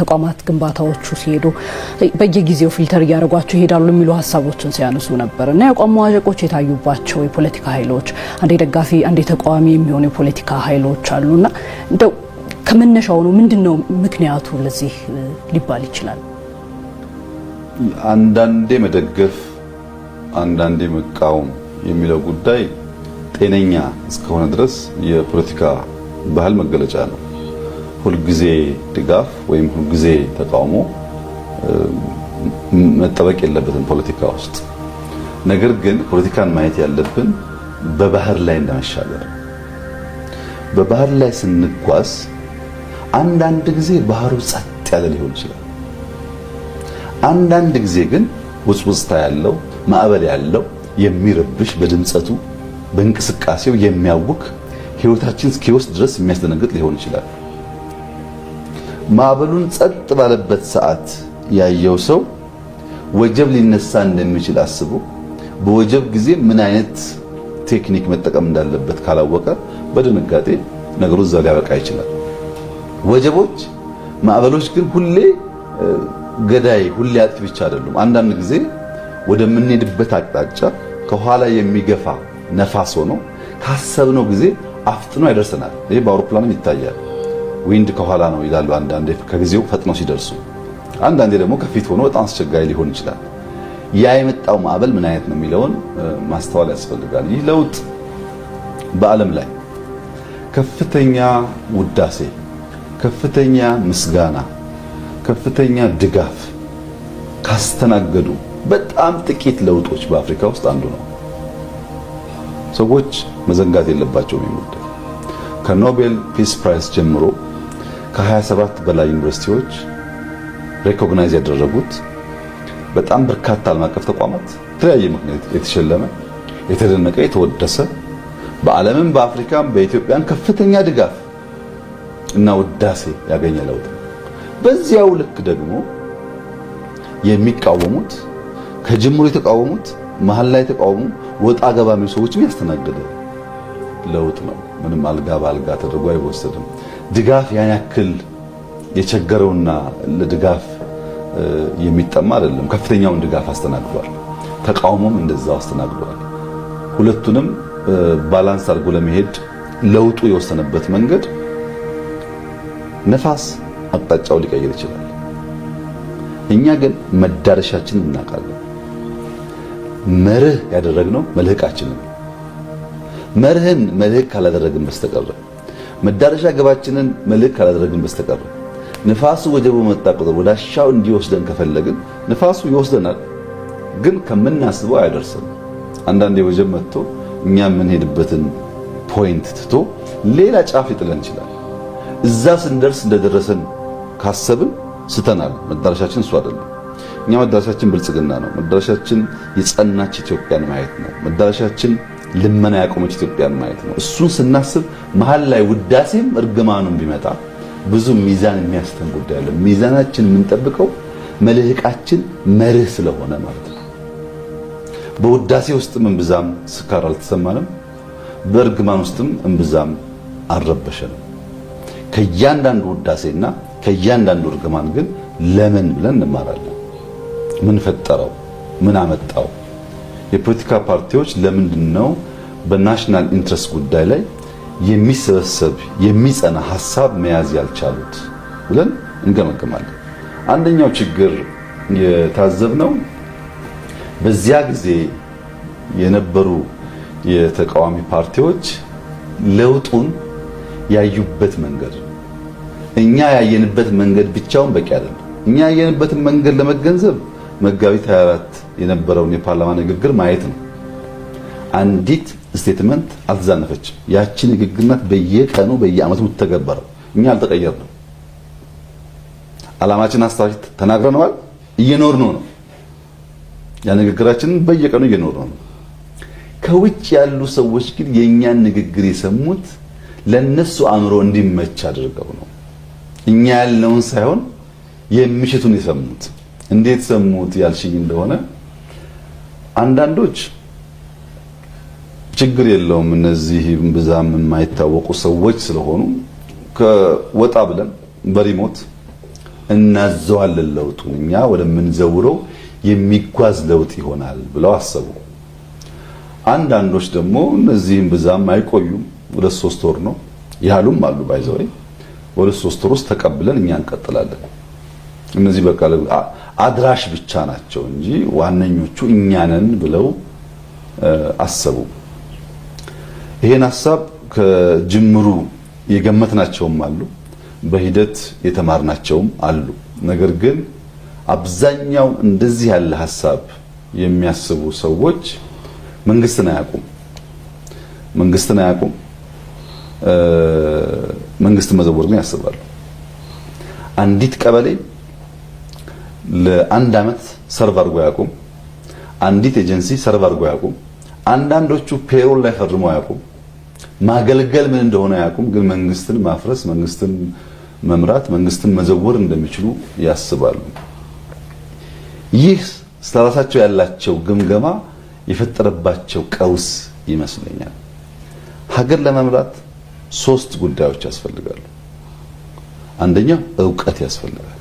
ተቋማት ግንባታዎቹ ሲሄዱ በየጊዜው ፊልተር እያደረጓቸው ይሄዳሉ የሚሉ ሀሳቦችን ሲያነሱ ነበር እና የአቋም መዋዠቆች የታዩባቸው የፖለቲካ ኃይሎች አንዴ ደጋፊ አንዴ ተቃዋሚ የሚሆኑ የፖለቲካ ኃይሎች እና እንደው ከመነሻው ነው ምንድን ነው ምክንያቱ ለዚህ ሊባል ይችላል? አንዳንዴ መደገፍ አንዳንዴ መቃወም የሚለው ጉዳይ ጤነኛ እስከሆነ ድረስ የፖለቲካ ባህል መገለጫ ነው። ሁልጊዜ ድጋፍ ወይም ሁልጊዜ ተቃውሞ መጠበቅ የለበትም ፖለቲካ ውስጥ። ነገር ግን ፖለቲካን ማየት ያለብን በባህር ላይ እንደመሻገር። በባህር ላይ ስንጓዝ አንዳንድ ጊዜ ባህሩ ጸጥ ያለ ሊሆን ይችላል። አንዳንድ ጊዜ ግን ውጽውጽታ ያለው ማዕበል ያለው የሚረብሽ በድምፀቱ በእንቅስቃሴው የሚያውክ ህይወታችን እስኪወስድ ድረስ የሚያስደነግጥ ሊሆን ይችላል። ማዕበሉን ጸጥ ባለበት ሰዓት ያየው ሰው ወጀብ ሊነሳ እንደሚችል አስቦ በወጀብ ጊዜ ምን አይነት ቴክኒክ መጠቀም እንዳለበት ካላወቀ በድንጋጤ ነገሩ እዛ ሊያበቃ ይችላል። ወጀቦች፣ ማዕበሎች ግን ሁሌ ገዳይ፣ ሁሌ አጥፊ ብቻ አይደሉም። አንዳንድ ጊዜ ወደምንሄድበት አቅጣጫ ከኋላ የሚገፋ ነፋስ ሆኖ ካሰብነው ጊዜ አፍጥኖ ያደርሰናል። ይህ በአውሮፕላንም ይታያል። ዊንድ ከኋላ ነው ይላሉ። አንዳንዴ ከጊዜው ፈጥነው ሲደርሱ፣ አንዳንዴ ደግሞ ከፊት ሆኖ በጣም አስቸጋሪ ሊሆን ይችላል። ያ የመጣው ማዕበል ምን አይነት ነው የሚለውን ማስተዋል ያስፈልጋል። ይህ ለውጥ በዓለም ላይ ከፍተኛ ውዳሴ፣ ከፍተኛ ምስጋና፣ ከፍተኛ ድጋፍ ካስተናገዱ በጣም ጥቂት ለውጦች በአፍሪካ ውስጥ አንዱ ነው። ሰዎች መዘንጋት የለባቸውም። ይሙድ ከኖቤል ፒስ ፕራይስ ጀምሮ ከ27 በላይ ዩኒቨርሲቲዎች ሬኮግናይዝ ያደረጉት በጣም በርካታ ዓለም አቀፍ ተቋማት በተለያየ ምክንያት የተሸለመ የተደነቀ የተወደሰ በዓለምም በአፍሪካም በኢትዮጵያን ከፍተኛ ድጋፍ እና ውዳሴ ያገኘ ለውጥ። በዚያው ልክ ደግሞ የሚቃወሙት ከጅምሩ የተቃወሙት መሀል ላይ የተቃወሙ ወጣ ገባ የሚሉ ሰዎችም ያስተናገደ ለውጥ ነው። ምንም አልጋ በአልጋ ተደርጎ አይወሰድም። ድጋፍ ያን ያክል የቸገረውና ለድጋፍ የሚጠማ አይደለም። ከፍተኛውን ድጋፍ አስተናግዷል። ተቃውሞም እንደዛው አስተናግዷል። ሁለቱንም ባላንስ አድርጎ ለመሄድ ለውጡ የወሰነበት መንገድ ነፋስ አቅጣጫው ሊቀይር ይችላል። እኛ ግን መዳረሻችንን እናውቃለን። መርህ ያደረግነው ነው። መርህን መልህቅ ካላደረግን በስተቀር መዳረሻ ግባችንን መልክ ካላደረግን በስተቀር ንፋሱ ወጀቡ መጣ ቁጥር ወዳሻው እንዲወስደን ከፈለግን ንፋሱ ይወስደናል፣ ግን ከምናስበው አያደርስም። አንዳንዴ ወጀብ መጥቶ እኛ የምንሄድበትን ፖይንት ትቶ ሌላ ጫፍ ይጥለን ይችላል። እዛ ስንደርስ እንደደረሰን ካሰብን ስተናል። መዳረሻችን እሱ አይደለም። እኛ መዳረሻችን ብልጽግና ነው። መዳረሻችን የጸናች ኢትዮጵያን ማየት ነው። መዳረሻችን ልመና ያቆመች ኢትዮጵያን ማየት ነው። እሱን ስናስብ መሀል ላይ ውዳሴም እርግማኑም ቢመጣ ብዙ ሚዛን የሚያስተን ጉዳይ አለ። ሚዛናችን የምንጠብቀው መልህቃችን መርህ ስለሆነ ማለት ነው። በውዳሴ ውስጥም እምብዛም ስካር አልተሰማንም፣ በእርግማን ውስጥም እምብዛም አልረበሸንም። ከእያንዳንዱ ውዳሴና ከእያንዳንዱ እርግማን ግን ለምን ብለን እንማራለን። ምን ፈጠረው? ምን አመጣው? የፖለቲካ ፓርቲዎች ለምንድን ነው በናሽናል ኢንትረስት ጉዳይ ላይ የሚሰበሰብ የሚጸና ሀሳብ መያዝ ያልቻሉት ብለን እንገመግማለን። አንደኛው ችግር የታዘብነው በዚያ ጊዜ የነበሩ የተቃዋሚ ፓርቲዎች ለውጡን ያዩበት መንገድ እኛ ያየንበት መንገድ ብቻውን በቂ አይደለም። እኛ ያየንበትን መንገድ ለመገንዘብ መጋቢት 24 የነበረውን የፓርላማ ንግግር ማየት ነው። አንዲት ስቴትመንት አልተዛነፈችም። ያቺ ንግግር ናት በየቀኑ በየአመቱ የምትተገበረው። እኛ አልተቀየርንም። አላማችን አስተዋሽት ተናግረነዋል። እየኖርነው ነው። ያ ንግግራችንን በየቀኑ እየኖርነው ነው። ከውጭ ያሉ ሰዎች ግን የእኛን ንግግር የሰሙት ለነሱ አእምሮ እንዲመች አድርገው ነው። እኛ ያለውን ሳይሆን የምሽቱን የሰሙት እንዴት ሰሙት ያልሽኝ እንደሆነ አንዳንዶች ችግር የለውም እነዚህ ብዛም የማይታወቁ ሰዎች ስለሆኑ ከወጣ ብለን በሪሞት እናዘዋለን ለውጡን እኛ ወደምንዘውረው የሚጓዝ ለውጥ ይሆናል ብለው አሰቡ። አንዳንዶች ደግሞ እነዚህም ብዛም አይቆዩም፣ ወደ ሶስት ወር ነው ያሉም አሉ። ባይዘወይ ወደ ሶስት ወር ውስጥ ተቀብለን እኛ እንቀጥላለን። እነዚህ በቃ አድራሽ ብቻ ናቸው እንጂ ዋነኞቹ እኛንን ብለው አሰቡ። ይሄን ሀሳብ ከጅምሩ የገመትናቸውም አሉ፣ በሂደት የተማርናቸውም አሉ። ነገር ግን አብዛኛው እንደዚህ ያለ ሀሳብ የሚያስቡ ሰዎች መንግስትን አያውቁም። መንግስትን አያውቁም። መንግስትን መዘወር ግን ያስባሉ። አንዲት ቀበሌ ለአንድ አመት ሰርቭ አድርጎ አያውቁም። አንዲት ኤጀንሲ ሰርቭ አድርጎ አያውቁም። አንዳንዶቹ ፔሮል ላይ ፈርሞ አያውቁም። ማገልገል ምን እንደሆነ አያውቁም። ግን መንግስትን ማፍረስ፣ መንግስትን መምራት፣ መንግስትን መዘወር እንደሚችሉ ያስባሉ። ይህ ስለራሳቸው ያላቸው ግምገማ የፈጠረባቸው ቀውስ ይመስለኛል። ሀገር ለመምራት ሶስት ጉዳዮች ያስፈልጋሉ። አንደኛው እውቀት ያስፈልጋል።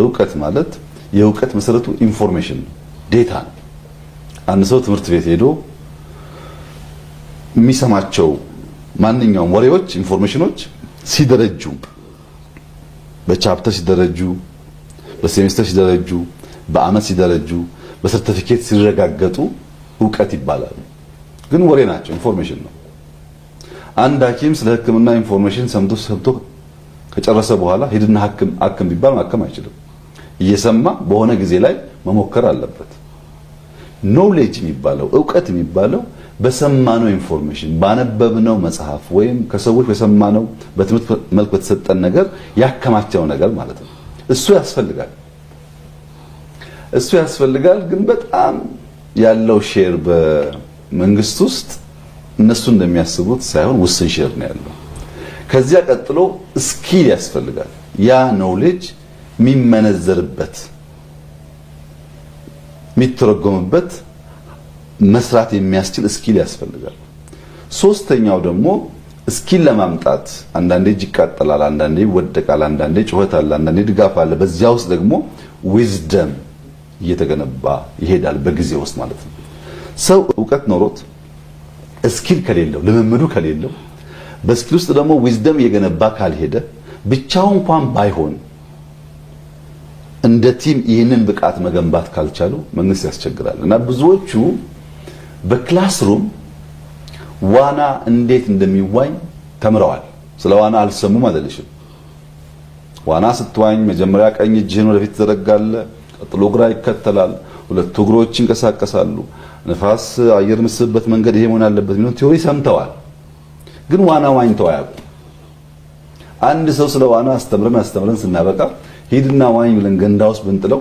እውቀት ማለት የእውቀት መሰረቱ ኢንፎርሜሽን ነው፣ ዴታ ነው። አንድ ሰው ትምህርት ቤት ሄዶ የሚሰማቸው ማንኛውም ወሬዎች፣ ኢንፎርሜሽኖች ሲደረጁ፣ በቻፕተር ሲደረጁ፣ በሴሚስተር ሲደረጁ፣ በአመት ሲደረጁ፣ በሰርተፊኬት ሲረጋገጡ እውቀት ይባላሉ። ግን ወሬ ናቸው፣ ኢንፎርሜሽን ነው። አንድ ሐኪም ስለ ሕክምና ኢንፎርሜሽን ሰምቶ ሰምቶ ከጨረሰ በኋላ ሄድና ሐክም ሐክም ቢባል ማከም አይችልም። እየሰማ በሆነ ጊዜ ላይ መሞከር አለበት። ኖሌጅ የሚባለው እውቀት የሚባለው በሰማነው ኢንፎርሜሽን ባነበብነው መጽሐፍ ወይም ከሰዎች በሰማነው በትምህርት መልክ በተሰጠን ነገር ያከማቸው ነገር ማለት ነው። እሱ ያስፈልጋል እሱ ያስፈልጋል። ግን በጣም ያለው ሼር በመንግስት ውስጥ እነሱ እንደሚያስቡት ሳይሆን ውስን ሼር ነው ያለው። ከዚያ ቀጥሎ ስኪል ያስፈልጋል ያ ኖሌጅ የሚመነዘርበት የሚተረጎምበት መስራት የሚያስችል እስኪል ያስፈልጋል። ሶስተኛው ደግሞ እስኪል ለማምጣት አንዳንዴ እጅ ይቃጠላል፣ አንዳንዴ ይወደቃል፣ አንዳንዴ ጩኸት አለ፣ አንዳንዴ ድጋፍ አለ። በዚያ ውስጥ ደግሞ ዊዝደም እየተገነባ ይሄዳል በጊዜ ውስጥ ማለት ነው። ሰው እውቀት ኖሮት እስኪል ከሌለው ልምምዱ ከሌለው በእስኪል ውስጥ ደግሞ ዊዝደም እየገነባ ካልሄደ ብቻው እንኳን ባይሆን እንደ ቲም ይህንን ብቃት መገንባት ካልቻሉ መንግስት ያስቸግራል እና ብዙዎቹ በክላስሩም ዋና እንዴት እንደሚዋኝ ተምረዋል። ስለ ዋና አልሰሙም አይደለሽም። ዋና ስትዋኝ መጀመሪያ ቀኝ እጅህን ወደፊት ትዘረጋለ፣ ቀጥሎ ግራ ይከተላል፣ ሁለቱ እግሮች ይንቀሳቀሳሉ፣ ንፋስ አየር ምስብበት መንገድ ይሄ መሆን አለበት የሚለውን ቲዮሪ ሰምተዋል። ግን ዋና ዋኝተው አያውቁም። አንድ ሰው ስለ ዋና አስተምረን አስተምረን ስናበቃ ሂድና ዋኝ ብለን ገንዳ ውስጥ ብንጥለው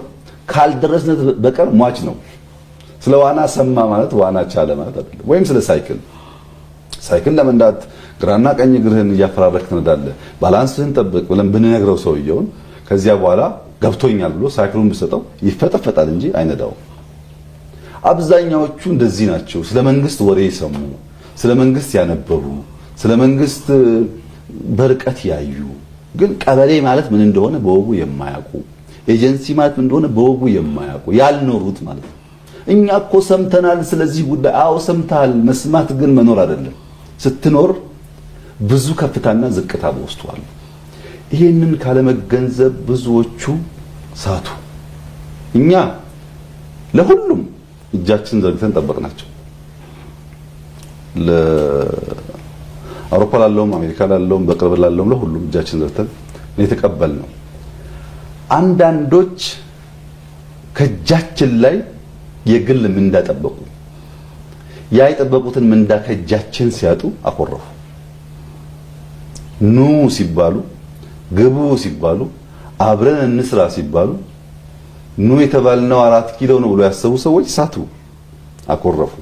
ካልደረስነት በቀር ሟች ነው። ስለ ዋና ሰማ ማለት ዋና ቻለ ማለት አይደለም። ወይም ስለ ሳይክል ሳይክል ለመንዳት ግራና ቀኝ እግርህን እያፈራረክ ትነዳለህ፣ ባላንስህን ጠብቅ ብለን ብንነግረው ሰውየውን ከዚያ በኋላ ገብቶኛል ብሎ ሳይክሉን ብሰጠው ይፈጠፈጣል እንጂ አይነዳው። አብዛኛዎቹ እንደዚህ ናቸው። ስለ መንግስት ወሬ የሰሙ ስለ መንግስት ያነበቡ ስለ መንግስት በርቀት ያዩ ግን ቀበሌ ማለት ምን እንደሆነ በወጉ የማያውቁ ኤጀንሲ ማለት ምን እንደሆነ በወጉ የማያውቁ ያልኖሩት ማለት ነው። እኛ እኮ ሰምተናል ስለዚህ ጉዳይ። አዎ ሰምተሃል። መስማት ግን መኖር አይደለም። ስትኖር ብዙ ከፍታና ዝቅታ በውስጡ አሉ። ይህንን ካለመገንዘብ ብዙዎቹ ሳቱ። እኛ ለሁሉም እጃችን ዘርግተን ጠበቅናቸው። አውሮፓ ላለውም አሜሪካ ላለውም በቅርብ ላለውም ለሁሉም እጃችን ዘርተን የተቀበል ነው። አንዳንዶች ከእጃችን ላይ የግል ምንዳ ጠበቁ። ያ የጠበቁትን ምንዳ ከእጃችን ሲያጡ አኮረፉ። ኑ ሲባሉ፣ ግቡ ሲባሉ፣ አብረን እንስራ ሲባሉ ኑ የተባልነው አራት ኪሎ ነው ብሎ ያሰቡ ሰዎች ሳቱ፣ አኮረፉ።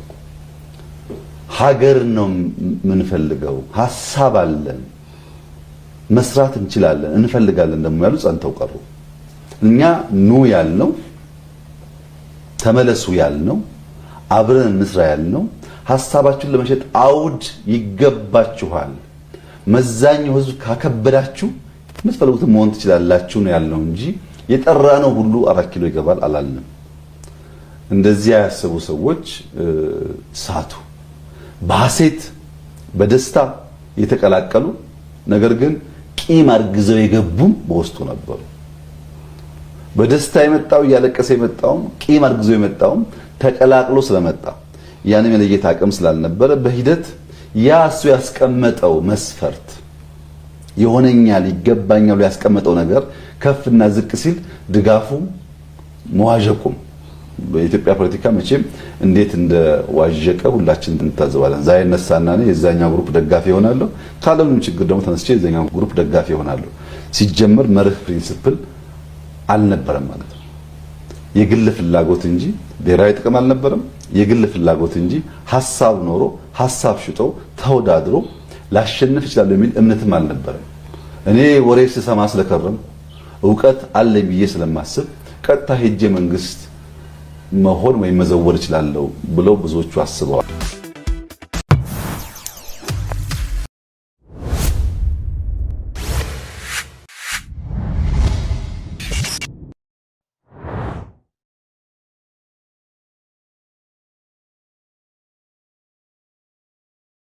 ሀገር ነው የምንፈልገው፣ ሀሳብ አለን፣ መስራት እንችላለን፣ እንፈልጋለን ደግሞ ያሉ ጸንተው ቀሩ። እኛ ኑ ያልነው ተመለሱ ያልነው አብረን እንስራ ያልነው ሀሳባችሁን ለመሸጥ አውድ ይገባችኋል፣ መዛኛው ህዝብ ካከበዳችሁ የምትፈልጉትን መሆን ትችላላችሁ ነው ያልነው እንጂ የጠራ ነው ሁሉ አራት ኪሎ ይገባል አላልንም። እንደዚያ ያሰቡ ሰዎች ሳቱ። በሐሴት በደስታ የተቀላቀሉ ነገር ግን ቂም አርግዘው የገቡም በውስጡ ነበሩ። በደስታ የመጣው እያለቀሰ የመጣውም ቂም አርግዘው የመጣውም ተቀላቅሎ ስለመጣ ያንም የለየት አቅም ስላልነበረ በሂደት ያ እሱ ያስቀመጠው መስፈርት ይሆነኛል፣ ይገባኛል ያስቀመጠው ነገር ከፍና ዝቅ ሲል ድጋፉም መዋዠቁም በኢትዮጵያ ፖለቲካ መቼም እንዴት እንደ ዋዠቀ ሁላችን እንታዘባለን። ዛሬ እነሳና እኔ የዛኛው ግሩፕ ደጋፊ ይሆናለሁ፣ ካለምንም ችግር ደግሞ ተነስቼ የዛኛው ግሩፕ ደጋፊ ይሆናለሁ። ሲጀመር መርህ ፕሪንስፕል አልነበረም ማለት ነው። የግል ፍላጎት እንጂ ብሔራዊ ጥቅም አልነበረም። የግል ፍላጎት እንጂ ሀሳብ ኖሮ ሀሳብ ሽጦ ተወዳድሮ ላሸንፍ ይችላል የሚል እምነትም አልነበረም። እኔ ወሬ ስሰማ ስለከረም እውቀት አለኝ ብዬ ስለማስብ ቀጥታ ሄጄ መንግስት መሆን ወይም መዘወር እችላለሁ ብለው ብዙዎቹ አስበዋል።